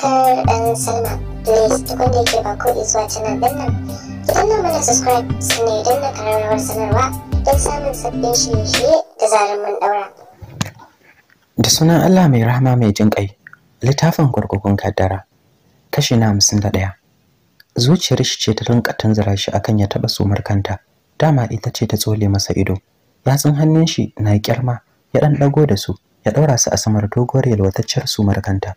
subscribe and sign up. Please tukun da yake ba ko zuwa canal din nan. Ki danna mana subscribe sannan idan na kararrawar sanarwa don samun sabbin shirye-shirye da zarar mun daura. Da sunan Allah mai rahama mai jin ƙai, littafin kurkukun kaddara, kashi na hamsin da ɗaya. Zuciyar shi ce ta rinka tanzara shi akan ya taɓa sumar kanta, dama ita ce ta tsole masa ido. Yatsun hannun shi na ƙyarma ya ɗan ɗago da su, ya ɗaura su a samar doguwar yalwatacciyar sumar kanta.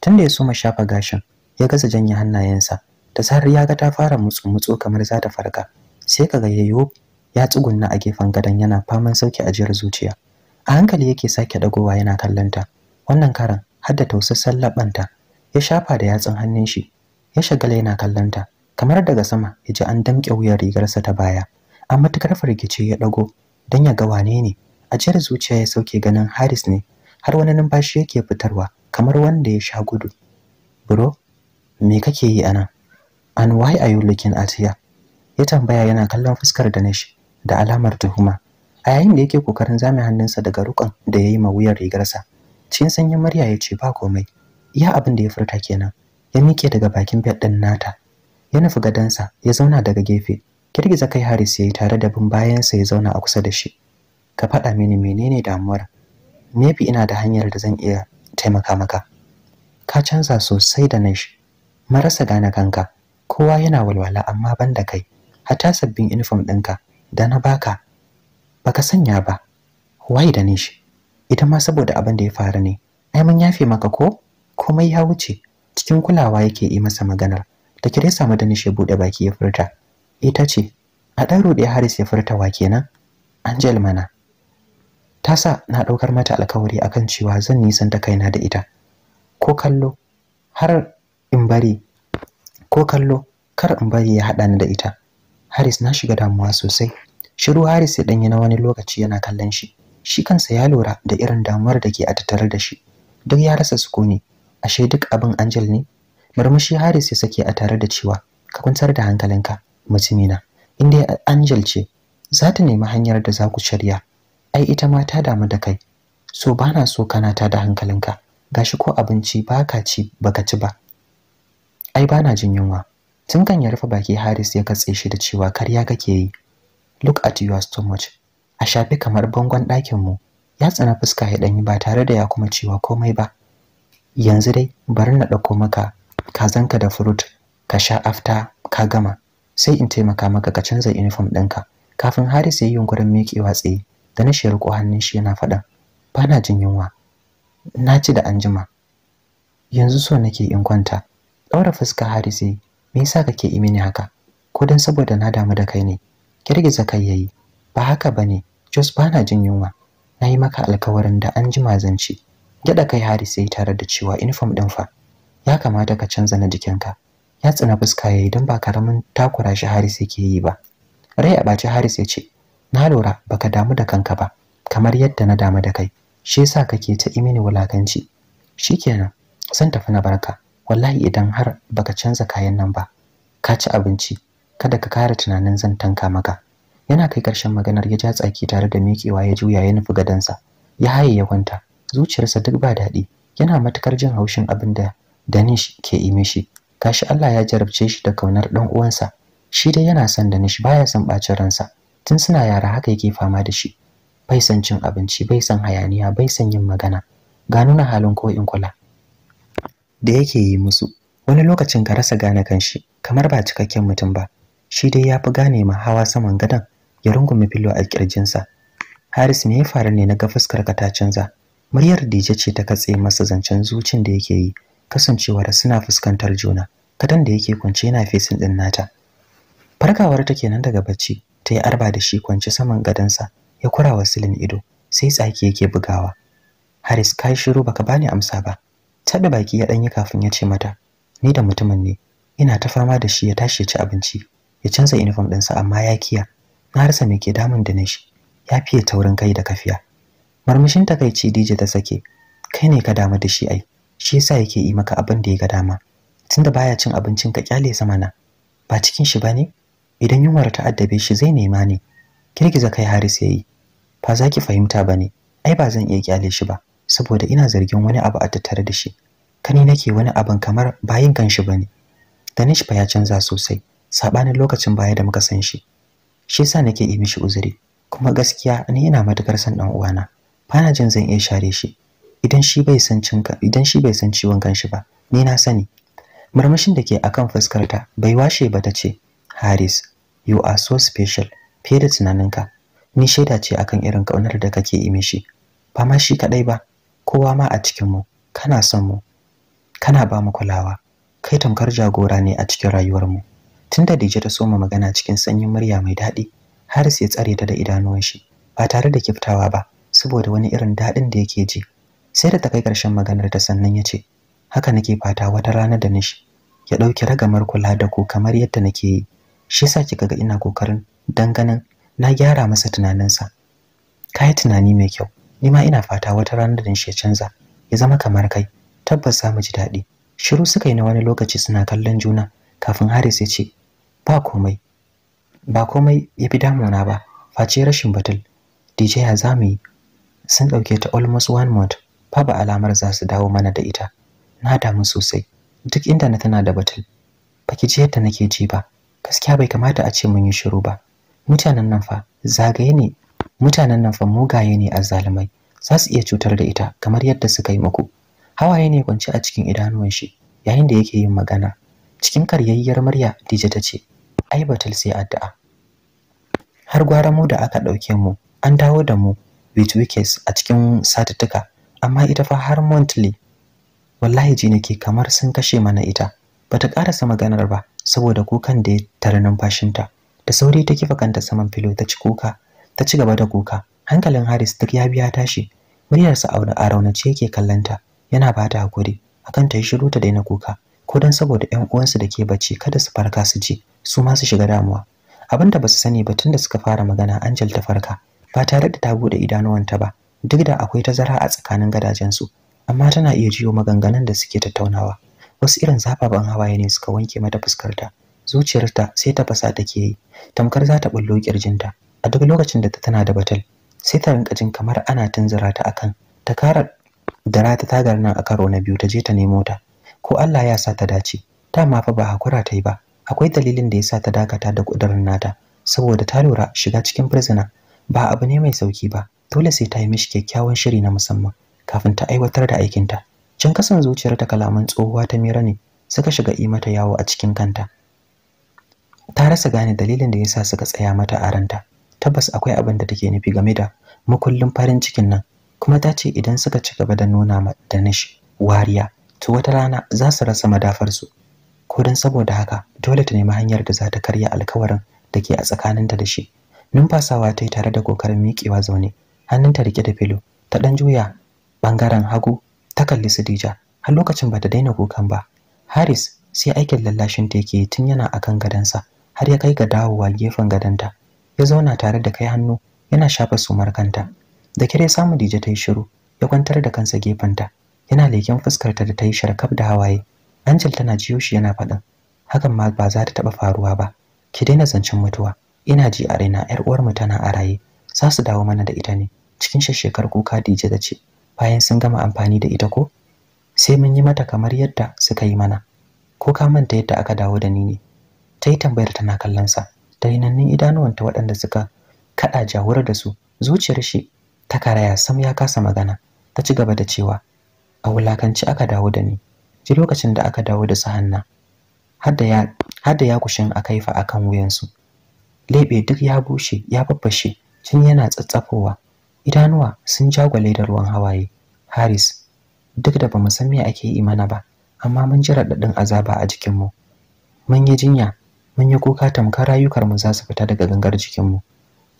tunda ya soma shafa gashin ya gasa janye hannayensa da sahar ya ga ta fara mutsu mutsu kamar za ta farka sai kaga yayyo ya tsugunna a gefen gadon yana faman sauki ajiyar zuciya a hankali yake sake dagowa yana kallonta wannan karan har da tausassan labanta ya shafa da yatsun hannun shi ya shagala yana kallonta kamar daga sama ya ji an damƙe wuyar rigarsa ta baya a matukar firgice ya dago don ya ga wane ne ajiyar zuciya ya sauke ganin Haris ne har wani numfashi yake fitarwa kamar wanda ya sha gudu bro me kake yi anan and why are you looking at here ya tambaya yana kallon fuskar Danish da alamar tuhuma a yayin da yake kokarin zame hannunsa daga rukan da yayi mawuyar rigarsa cikin sanyin murya ya ce ba komai iya abin da ya furta kenan ya miƙe daga bakin bed din nata ya nufi gadansa ya zauna daga gefe girgiza kai Haris yi tare da bin bayansa ya zauna a kusa da shi ka faɗa mini menene damuwar maybe ina da hanyar da zan iya taimaka maka ka canza sosai da nish marasa gane kanka kowa yana walwala amma ban da kai hata sabbin uniform ɗinka da na baka baka sanya ba wai da nish ita ma saboda abin da ya faru ne ai mun yafe maka ko komai ya wuce cikin kulawa yake yi masa maganar da kire samu da nish ya buɗe baki ya furta ita ce a ɗan ruɗe haris ya furta wa kenan angel mana tasa na ɗaukar mata alkawari akan cewa zan nisan nisanta kaina da ita ko kallo har in bari ko kallo kar in bari ya haɗa ni da ita Haris na shiga damuwa sosai shiru Haris ya danyi na wani lokaci yana kallon shi shi kansa ya lura da irin damuwar da ke a tattare da shi duk ya rasa sukuni ashe duk abin Angel ne murmushi Haris ya sake a tare da cewa ka kwantar da hankalinka mutumina inda Angel ce za ta nemi hanyar da za ku shirya ai ita ma ta damu da kai so bana so kana ta da hankalinka gashi ko abinci baka ci baka ci ba ai bana jin yunwa tun kan ya rufe baki Haris ya katse shi da cewa karya kake yi look at you as a shafi kamar bangon ɗakin mu ya tsana fuska ya danyi ba tare da ya kuma cewa komai ba yanzu dai bari na ɗauko maka kazanka da fruit ka sha afta ka gama sai in taimaka maka ka canza uniform ɗinka kafin Haris ya yi yunkurin miƙewa tsaye da na shi hannun shi yana faɗan ba na jin yunwa na ci da anjima yanzu so nake in kwanta ɗaura fuska haris yayi me yasa kake yi mini haka ko dan saboda na damu da kai ne kirgiza kai yayi ba haka bane jos ba na jin yunwa na yi maka alkawarin da anjima zan ci gyaɗa kai haris tare da cewa uniform ɗin fa ya kamata ka canza na jikinka ya tsina fuska yayi don ba karamin takura shi haris ke yi ba rai a ɓaci haris ya ce na lura baka damu da kanka ba kamar yadda na damu da kai shi yasa kake ta imini wulakanci shikenan san tafi na barka wallahi idan har baka canza kayan nan ba ka ci abinci kada ka kara tunanin zan tanka maka yana kai ƙarshen maganar ya ja tsaki tare da miƙewa ya juya ya nufi gadansa ya haye ya kwanta zuciyarsa duk ba daɗi yana matukar jin haushin abin da Danish ke yi mishi kashi Allah ya jarabce shi da kaunar ɗan uwansa shi dai yana son Danish baya son bacin ransa tun suna yara haka yake fama da shi bai san cin abinci bai san hayaniya bai san yin magana ga nuna halin ko in kula da yake yi musu wani lokacin ka rasa gane kanshi kamar ba cikakken mutum ba shi dai ya fi gane ma hawa saman gadon ya rungume filo a kirjinsa Haris me ya faru ne na ga fuskar ka ta canza muryar Dije ce ta katse masa zancen zucin da yake yi kasancewar suna fuskantar juna kadan da yake kunce yana fesin din nata farkawar ta nan daga bacci ta yi arba da shi kwance saman gadonsa ya kura wa silin ido sai tsaki yake bugawa haris kai shiru baka bani amsa ba tada baki ya danyi kafin ya ce mata ni da mutumin ne ina ta fama da shi ya tashi ya ci abinci ya canza uniform ɗinsa amma ya kiya na harsa me ke damun da shi ya fiye taurin kai da kafiya marmishin takaici DJ ta sake kai ne ka damu da shi ai shi yasa yake yi maka abin da ya ga dama tunda baya cin abincin ka kyale sama na, ba cikin shi bane idan yunwar ta addabe shi zai nema ne girgiza kai Haris yayi ba za ki fahimta bane ai ba zan iya kyale shi ba saboda ina zargin wani abu a tattare da shi kani nake wani abin kamar bayin ganshi bane Danish fa ya canza sosai sabanin lokacin baya da muka san shi shi yasa nake yi mishi uzuri kuma gaskiya ni ina matukar san dan uwana bana jin zan iya share shi idan shi bai san ka idan shi bai san ciwon kanshi ba ni na sani murmushin da ke akan fuskarta bai washe ba ta ce Haris, you are so special, fiye da tunaninka. Ni shaida ce akan irin ƙaunar da kake yi mishi. Ba ma shi kaɗai ba, kowa ma a cikinmu, kana son mu, kana ba mu kulawa. Kai tamkar jagora ne a cikin rayuwarmu. Tunda Dije ta soma magana cikin sanyin murya mai daɗi, Haris ya tsare ta da idanuwan ba tare da kiftawa ba, saboda wani irin daɗin da yake ji. Sai da ta kai ƙarshen maganar ta sannan ya ce, haka nake fata wata rana da nishi ya ɗauki ragamar kula da ku kamar yadda nake yi. shi yasa kika ga ina kokarin danganan na gyara masa tunaninsa kai tunani mai kyau ni ma ina fata wata ranar da shi ya canza ya zama kamar kai tabbas za mu ji daɗi shiru suka yi na wani lokaci suna kallon juna kafin Haris ya ce ba komai ba komai ya fi damuna ba face rashin batul DJ ya yi sun ɗauke ta almost one month babu alamar za su dawo mana da ita na damu sosai duk inda na tana da batul baki ji yadda nake ji ba gaskiya bai kamata a ce mun yi shiru ba mutanen nan fa zagaye ne mutanen nan fa mugaye ne azzalumai za su iya cutar da ita kamar yadda suka yi muku hawaye ne kwance a cikin idanuwan shi yayin da yake yin magana cikin karyayyar murya dije ta ce ai batul sai addu'a har gwara mu da aka ɗauke mu an dawo da mu with wickets a cikin satuttuka amma ita fa har monthly wallahi ji nake kamar sun kashe mana ita bata karasa maganar ba saboda kukan da ya tare numfashinta da sauri ta kifa kanta saman filo ta ci kuka ta ci gaba da kuka hankalin Haris duk ya biya tashi muryarsa a raunace yake kallanta yana ba ta hakuri akan ta yi shiru ta daina kuka ko don saboda 'yan uwansu da ke bacci kada su farka su ji su ma su shiga damuwa abinda ba su sani ba tun da suka fara magana Anjel ta farka ba tare da ta bude idanuwanta ba duk da akwai tazara a tsakanin gadajensu amma tana iya jiyo maganganun da suke tattaunawa wasu irin zafafan hawaye ne suka wanke mata fuskarta zuciyarta sai ta fasa take yi tamkar za ta bullo kirjinta a duk lokacin da ta tana da batal sai ta rinka jin kamar ana tunzura ta akan ta kara da rata tagar nan a karo na biyu ta je ta nemo ta ko Allah ya sa ta dace ma fa ba hakura ta yi ba akwai dalilin da ya sa ta dakata da kudirin nata saboda ta lura shiga cikin prisoner ba abu ne mai sauki ba dole sai ta yi mishi kyakkyawan shiri na musamman kafin ta aiwatar da aikinta Can kasan zuciyar ta kalaman tsohuwa ta Mira ne suka shiga yi mata yawo a cikin kanta. Ta rasa gane dalilin da yasa suka tsaya mata a ranta. Tabbas akwai abin da take nufi game da makullin farin cikin nan, kuma ta ce idan suka ci gaba da nuna da Danish wariya, to wata rana za su rasa madafar su. Ko dan saboda haka, dole ta nemi hanyar da za ta karya alkawarin da ke a tsakaninta da shi. Numfasawa ta yi tare da kokarin miƙewa zaune, hannunta riƙe da filo, ta ɗan juya ɓangaren hagu ta kalli Sadija har lokacin ba ta daina kukan ba Haris sai aikin lallashin ta yake tun yana akan gadansa har ya kai ga dawowa gefen gadanta ya zauna tare da kai hannu yana shafa sumar kanta da kire samu dije ta yi shiru ya kwantar da kansa gefenta yana leken fuskarta da ta yi sharkaf da hawaye Angel tana jiyo shi yana faɗin hakan ma ba za ta taɓa faruwa ba ki daina zancen mutuwa ina ji a raina yar uwar mu tana a raye za su dawo mana da ita ne cikin shashshekar kuka dije da ce bayan sun gama amfani da ita ko sai mun yi mata kamar yadda suka yi mana ko ka manta yadda aka dawo da ni ne ta yi tambayar tana kallon sa da rinannin idanuwanta waɗanda suka kaɗa jawura da su zuciyar shi ta karaya sam ya kasa magana ta ci gaba da cewa a wulakanci aka dawo da ni ji lokacin da aka dawo da su hanna har da ya kushin a kaifa a kan wuyansu leɓe duk ya bushe ya babbashe tun yana tsatsafowa idanuwa sun jagwale da ruwan hawaye haris duk da ba mu san me ake yi mana ba amma mun ji raɗaɗin azaba a jikinmu mun yi jinya mun yi kuka tamkar rayukarmu za su fita daga gangar jikinmu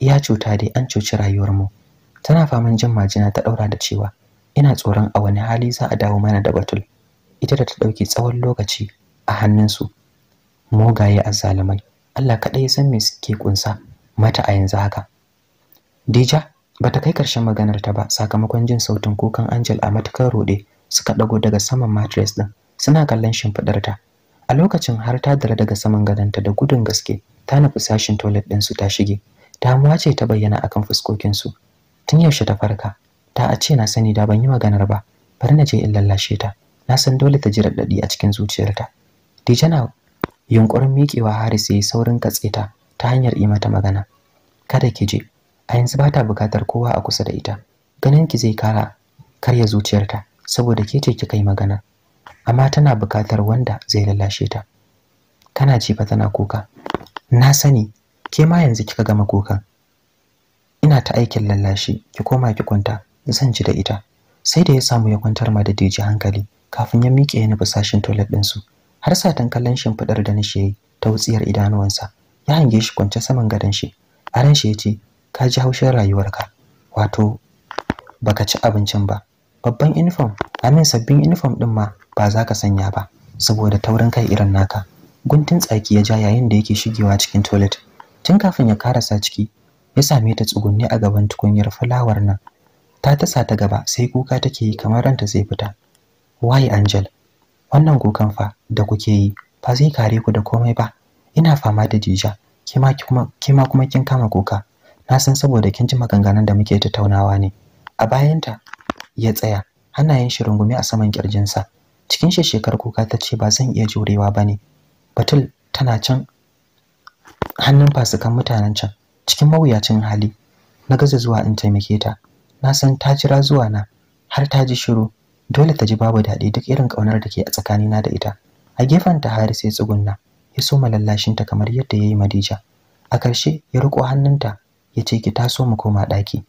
iya cuta dai an cuci rayuwarmu tana faman jin majina ta ɗaura da cewa ina tsoron a wani hali za a dawo mana da batul ita da ta ɗauki tsawon lokaci a hannunsu mugaye azzalumai Allah kaɗai san me suke kunsa mata a yanzu haka Dija bata kai ƙarshen maganar ta ba sakamakon jin sautin kukan Angel a matukar rode suka dago daga saman mattress din suna kallon shimfidar ta a lokacin har ta dare daga saman ta da gudun gaske ta nufi sashin toilet din su ta shige damuwa ce ta bayyana akan fuskokin su tun yaushe ta farka ta a ce na sani da ban yi maganar ba bari na je in lallashe ta na san dole ta ji raɗaɗi a cikin zuciyarta dijana yunkurin miƙewa haris ya yi saurin katse ta ta hanyar yi mata magana kada ki je a yanzu ba ta bukatar kowa a kusa da ita ganin ki zai kara karya zuciyarta saboda ke ce kika yi magana amma tana bukatar wanda zai lalashe ta kana ji fa tana kuka na sani ke ma yanzu kika gama kukan ina ta aikin lallashi ki koma ki kwanta zan ji da ita sai da ya samu ya kwantar ma da deji hankali kafin ya miƙe ya nufi sashin toilet ɗinsu har satan kallon shimfiɗar da ya yayi ta wutsiyar idanuwansa ya hange shi kwance saman gadon shi a ran shi ya ce ka ji haushin rayuwarka wato baka ci abincin ba babban uniform amin sabbin uniform din ma ba za ka sanya ba saboda taurin kai irin naka guntun tsaki ya ja yayin da yake shigewa cikin toilet tun kafin ya karasa ciki ya same ta tsugunne a gaban tukunyar fulawar nan ta tasa ta gaba sai kuka take yi kamar ranta zai fita why angel wannan kukan fa da kuke yi ba zai kare ku da komai ba ina fama da jija kima kuma kima kuma kin kama kuka na san saboda kin ji maganganun da muke tattaunawa ne a bayanta ya tsaya hannayen shirin gumi a saman kirjinsa cikin shekar kuka ta ce ba zan iya jurewa ba ne batul tana can hannun fasikan mutanen can cikin mawuyacin hali na gaza zuwa in taimake ta na san ta jira zuwa na har ta ji shiru dole ta ji babu daɗi duk irin ƙaunar da ke a tsakanina da ita a gefen ta hari sai tsugunna ya soma ta kamar yadda ya yi madija a ƙarshe ya riƙo hannunta ya ce ki taso mu koma ɗaki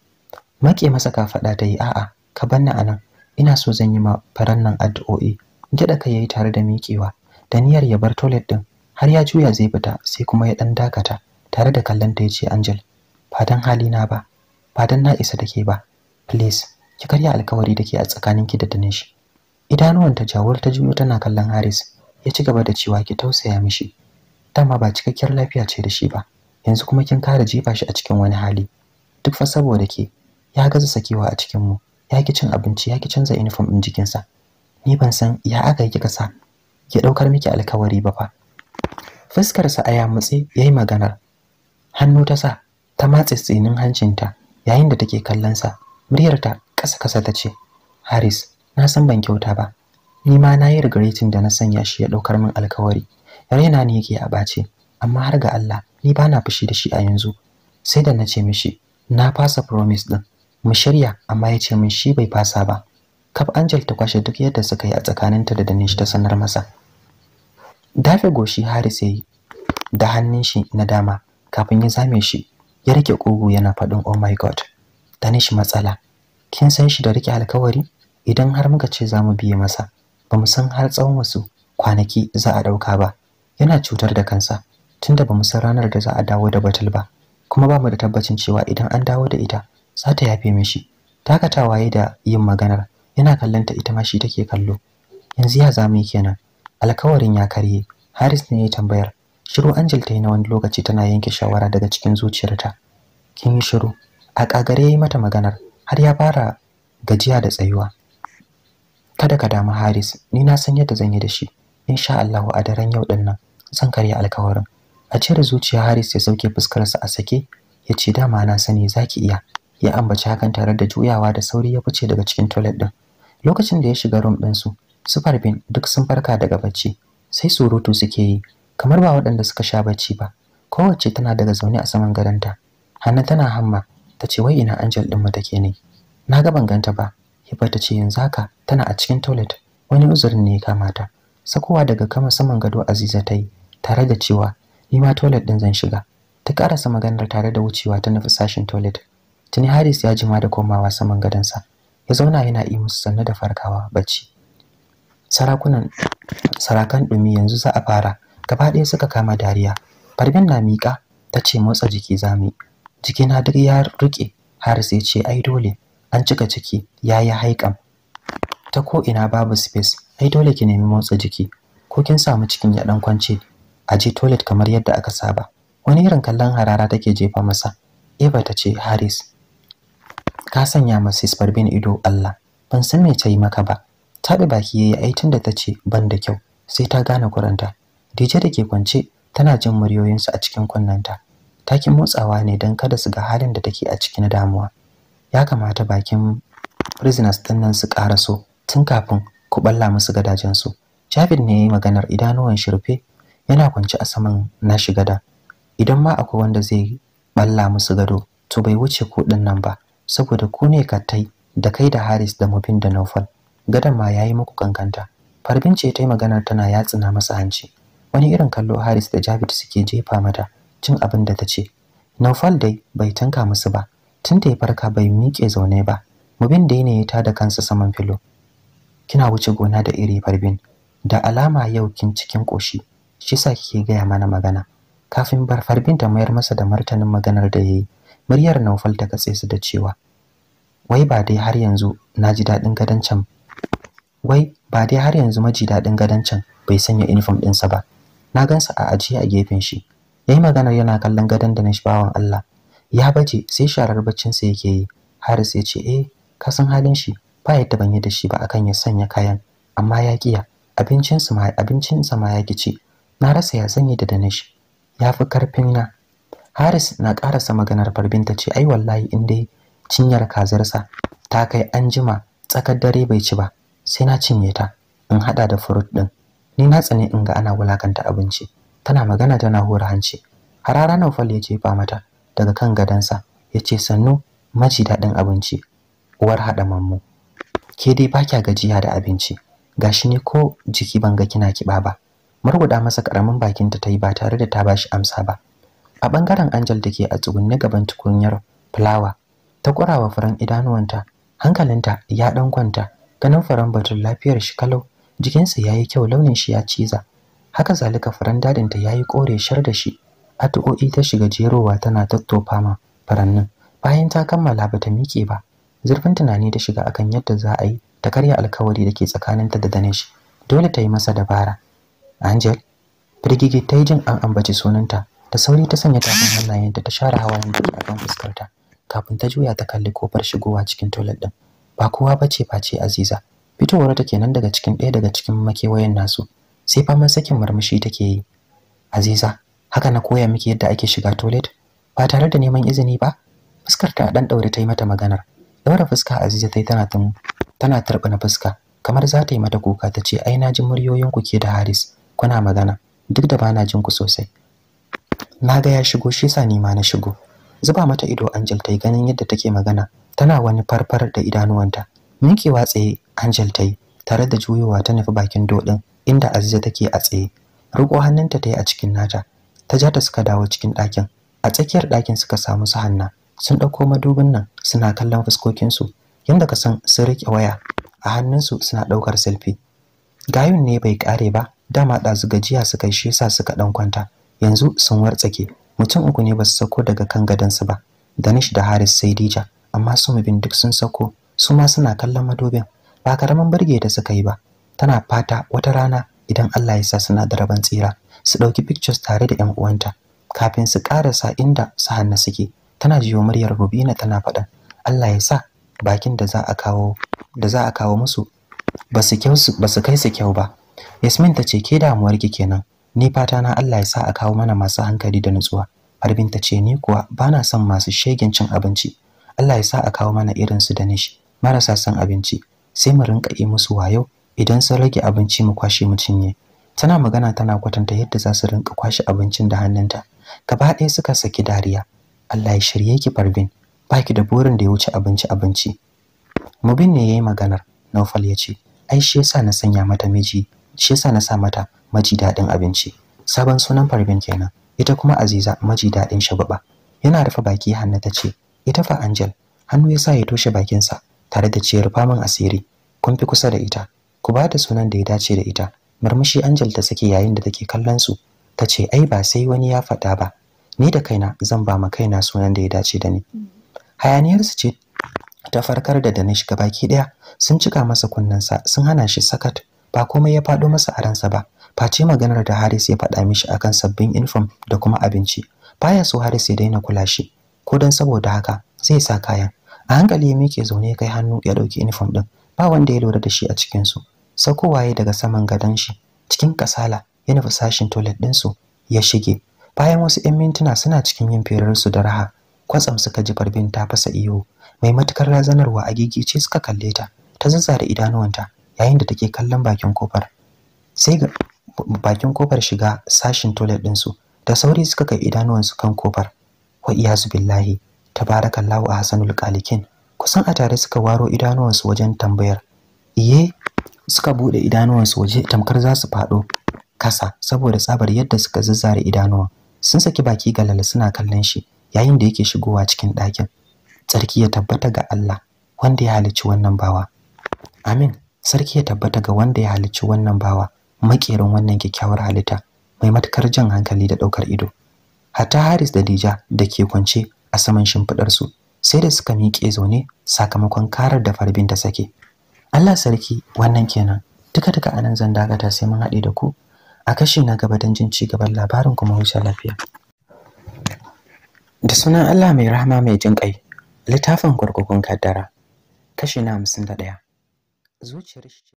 maƙe masa kafaɗa ta yi a'a ka a anan ina so zan yi ma faran nan addu'o'i gyaɗa ka yi tare da miƙewa Daniyar ya bar toilet ɗin har ya juya zai fita sai kuma ya ɗan dakata tare da kallon ta ya ce angel ba hali na ba ba don na isa da ke ba please ki karya alkawari da ke a tsakaninki da danish idanuwanta jawar ta juyo tana kallon haris ya ci gaba da cewa ki tausaya mishi dama ba cikakkiyar lafiya ce da shi ba yanzu kuma kin kare jefa shi a cikin wani hali duk fa saboda ke ya gaza sakewa a cikin mu ya ki cin abinci ya ki canza uniform din jikinsa ni ban san ya aka yi kika sa ki daukar miki alkawari ba fa Fuskar ya a yamutse yayi maganar hannu ta sa ta matse tsinin hancinta yayin da take kallon sa muryar ta kasa kasa ta ce Haris na san ban kyauta ba ni ma na yi regretting da na sanya shi ya daukar min alkawari yana ne yake a bace amma har ga Allah ni bana fushi da shi a yanzu sai da na ce mishi na fasa promise din mu shirya amma ya ce min shi bai fasa ba kaf Angel ta kwashe duk yadda suka yi a tsakaninta da Danish ta sanar masa dafe goshi Haris yayi da hannun shi na dama kafin ya zame shi ya rike kogo yana faɗin oh my god Danish matsala kin san shi da rike alkawari idan har muka ce za mu biye masa ba mu san har tsawon wasu kwanaki za a ɗauka ba yana cutar da kansa tunda bamu san ranar da za a dawo da batul ba kuma bamu da tabbacin cewa idan an dawo da ita za ta yafe mishi takatawa ya da yin maganar yana kallon ta ita ma shi take kallo yanzu ya zame kenan alkawarin ya karye Haris ne ya tambayar shiru Angel ta yi na wani lokaci tana yanke shawara daga cikin zuciyarta kin yi shiru a kagare yayi mata maganar har ya fara gajiya da tsayuwa kada ka damu Haris ni na san yadda zan yi da shi insha Allah a daren yau din nan zan karya alkawarin a cire zuciya haris ya sauke fuskarsa a sake ya ce dama na sani zaki iya ya ambaci hakan tare da juyawa da sauri ya fice daga cikin toilet din lokacin da ya shiga room din su super bin duk sun farka daga bacci sai surutu suke yi kamar ba waɗanda suka sha bacci ba kowace tana daga zaune a saman gadonta hanna tana hamma ta ce wai ina angel ɗinmu take ne na ga ban ganta ba hibba ta ce yanzu haka tana a cikin toilet wani uzurin ne ya kamata sakowa daga kama saman gado aziza ta yi tare da cewa ni ma toilet din zan shiga ta karasa maganar tare da wucewa ta nufi sashin toilet tuni haris ya jima da komawa saman gadansa ya zauna yana yi musu sanna da farkawa bacci sarakunan sarakan dumi yanzu za a fara gaba ɗaya suka kama dariya farbin na mika, ta ce motsa jiki Jiki na duk ya rike haris ya ce ai dole an cika ciki ya yi haikan ta ko ina babu space ai dole ki nemi motsa jiki ko kin samu cikin ya dan kwance a je toilet kamar yadda aka saba wani irin kallon harara take jefa masa eva ta ce haris ka sanya mrs barbin ido allah ban san me ta yi maka ba taɓe baki yayi aitin da ta ce ban da kyau sai ta gane kuranta dije da ke kwance tana jin muryoyinsu a cikin kunnanta takin motsawa ne don kada su ga halin da take a ciki na damuwa ya kamata bakin prisoners din nan su karaso tun kafin ku balla musu gadajensu Javid ne ya yi maganar idanuwan shirfe yana kwance a saman nashi gadon idan ma akwai wanda zai balla musu gado to bai wuce ko nan ba saboda ku ne kattai da kai da Haris da Mubin da Naufal gadan ma yayi muku kankanta Farbin ce ta yi magana tana yatsina masa hanci wani irin kallo Haris da Jabit suke jefa mata cin abin da ta ce Naufal dai bai tanka musu ba tun da ya farka bai miƙe zaune ba Mubin dai ne ya tada kansa saman filo kina wuce gona da iri Farbin da alama yau kin cikin koshi shi sa kike gaya mana magana kafin barfar binta mayar masa da martanin maganar da yayi muryar Naufal ta katse su da cewa wai ba dai har yanzu naji dadin wai ba dai har yanzu maji dadin gadon can bai sanya uniform ɗinsa ba na gansa a ajiye a gefen shi yayi maganar yana kallon gadon da na bawan Allah ya baje sai sharar baccin sa yake yi Haris ya ce eh ka san halin shi ba yadda ban yi da shi ba akan ya sanya kayan amma ya kiya abincin sa ma abincin sa ma ya kici na rasa ya zanyi da danish ya fi karfin na haris na karasa maganar farbin ta ce ai wallahi in dai cinyar kazarsa ta kai an jima tsakar dare bai ci ba sai na cinye ta in hada da furut din ni na tsane in ga ana wulakanta abinci tana magana tana hura hanci har harara naufal ya jefa mata daga kan gadansa ya ce sannu maji daɗin abinci uwar haɗa mammu ke dai ba kya gajiya da abinci gashi ne ko jiki ban ga kina kiɓa ba murguda masa karamin bakinta ta yi ba tare da ta bashi amsa ba a bangaren Angel da ke a tsugunne gaban tukunyar fulawa ta kurawa furen idanuwanta hankalinta ya dan kwanta ganin furan batun lafiyar shi kalau jikinsa yayi kyau launin shi ya ciza haka zalika furen ta yayi kore shar da shi addu'o'i ta shiga jerowa tana tattofa ma furannin bayan ta kammala bata mike ba zurfin tunani ta shiga akan yadda za a yi ta karya alkawari da ke tsakaninta da Danish dole ta yi masa dabara Angel firgige ta yi jin an ambaci sunanta da sauri ta sanya tafin hannayenta ta share hawan da akan fuskarta kafin ta juya ta kalli kofar shigowa cikin toilet din ba kowa bace face Aziza fitowar ta nan daga cikin ɗaya daga cikin makewayen nasu sai faman sakin marmashi take yi Aziza haka na koya miki yadda ake shiga toilet ba tare da neman izini ba Fuskarta ta ɗan daure ta yi mata maganar daura fuska Aziza ta yi tana tana na fuska kamar za ta yi mata kuka ta ce ai na ji muryoyin ku ke da Haris kuna magana duk da bana jin ku sosai na ga ya shigo shi yasa ni ma na shigo zuba mata ido Angel tai ganin yadda take magana tana wani farfar da idanuwanta minkewa tsaye Angel tai tare da juyowa ta nufi bakin dodin inda Aziza take a tsaye riko hannunta tai a cikin nata ta ja ta suka dawo cikin ɗakin a tsakiyar ɗakin suka samu su hanna sun ɗauko madubin nan suna kallon fuskokinsu yadda ka san sun riƙe waya a hannunsu suna ɗaukar selfie gayun ne bai ƙare ba dama ɗazu gajiya suka yi shi yasa suka ɗan kwanta yanzu sun wartsake mutum uku ne ba su sako daga kan gadansu ba danish da haris sai dija amma su mubin duk sun sako. su ma suna kallon madobin ba karaman burge da suka yi ba tana fata wata rana idan Allah ya sa suna da rabon tsira su ɗauki pictures tare da 'yan uwanta kafin su ƙarasa inda su hannu suke tana jiwo muryar Rubina tana faɗan Allah ya sa bakin da za a kawo da za a kawo musu ba su kai su kyau ba Yasmin ta ce ke damuwar ki kenan. Ni fata na Allah ya sa a kawo mana masu hankali da nutsuwa. Harbin ta ce ni kuwa bana son masu shegen cin abinci. Allah ya sa a kawo mana irin su da nishi. Marasa son abinci sai mu rinka yi musu wayo idan sun rage abinci mu kwashe mu cinye. Tana magana tana kwatanta yadda za su rinka kwashe abincin da hannunta. Gaba ɗaya suka saki dariya. Allah ya shirye ki Ba Baki da burin da ya wuce abinci abinci. Mubin ne yi maganar. Naufal ya ce, "Ai shi yasa na sanya mata miji shi yasa na sa mata maji daɗin abinci sabon sunan farbin kenan ita kuma aziza maji daɗin shababa. yana rufe baki hanna ta ce ita fa angel hannu ya sa ya toshe bakin sa tare da ciyar faman asiri kun fi kusa da ita ku ba da sunan da ya dace da ita murmushi angel ta sake yayin da take kallon su ta ce ai ba sai wani ya faɗa ba ni da kaina zan ba ma kaina sunan da ya dace da ni hayaniyar su ce ta farkar da danish gabaki daya sun cika masa kunnensa sun hana shi sakat ba komai ya faɗo masa a ransa ba face maganar da Haris ya faɗa mishi akan sabbin uniform da kuma abinci baya so Haris ya daina kula shi ko dan saboda haka zai sa kayan a hankali ya mike zaune ya kai hannu ya ɗauki uniform ɗin ba wanda ya lura da shi a cikin su saukowa ya daga saman gadon shi cikin kasala ya nufi sashin toilet su ya shige bayan wasu 'yan mintuna suna cikin yin su da raha kwatsam suka ji farbin ta fasa iyo mai matukar razanarwa a gigice suka kalle ta ta zazzare idanuwanta yayin da take kallon bakin kofar sai ga bakin kofar shiga sashin toilet din su da sauri suka kai idanuwansu kan kofar wa iyazu billahi tabarakallahu a hasanul qalikin kusan a tare suka waro idanuwansu wajen tambayar iye suka bude idanuwansu waje tamkar za su fado kasa saboda tsabar yadda suka zazzare idanuwan sun saki baki lalle suna kallon shi yayin da yake shigowa cikin ɗakin tsarki ya tabbata ga Allah wanda ya halicci wannan bawa amin sarki ya tabbata ga wanda ya halicci wannan bawa makerin wannan kyakkyawar halitta mai matukar jan hankali da daukar ido hatta Haris da Dija da ke kwance a saman shimfidar su sai da suka miƙe zaune sakamakon karar da farbin ta sake Allah sarki wannan kenan duka duka anan zan dagata sai mun haɗe da ku a kashi na gaba don jin ci gaban labarin kuma huce lafiya da sunan Allah mai rahama mai jin ƙai littafin kurkukun kaddara kashi na 51 Zuciyar shi ce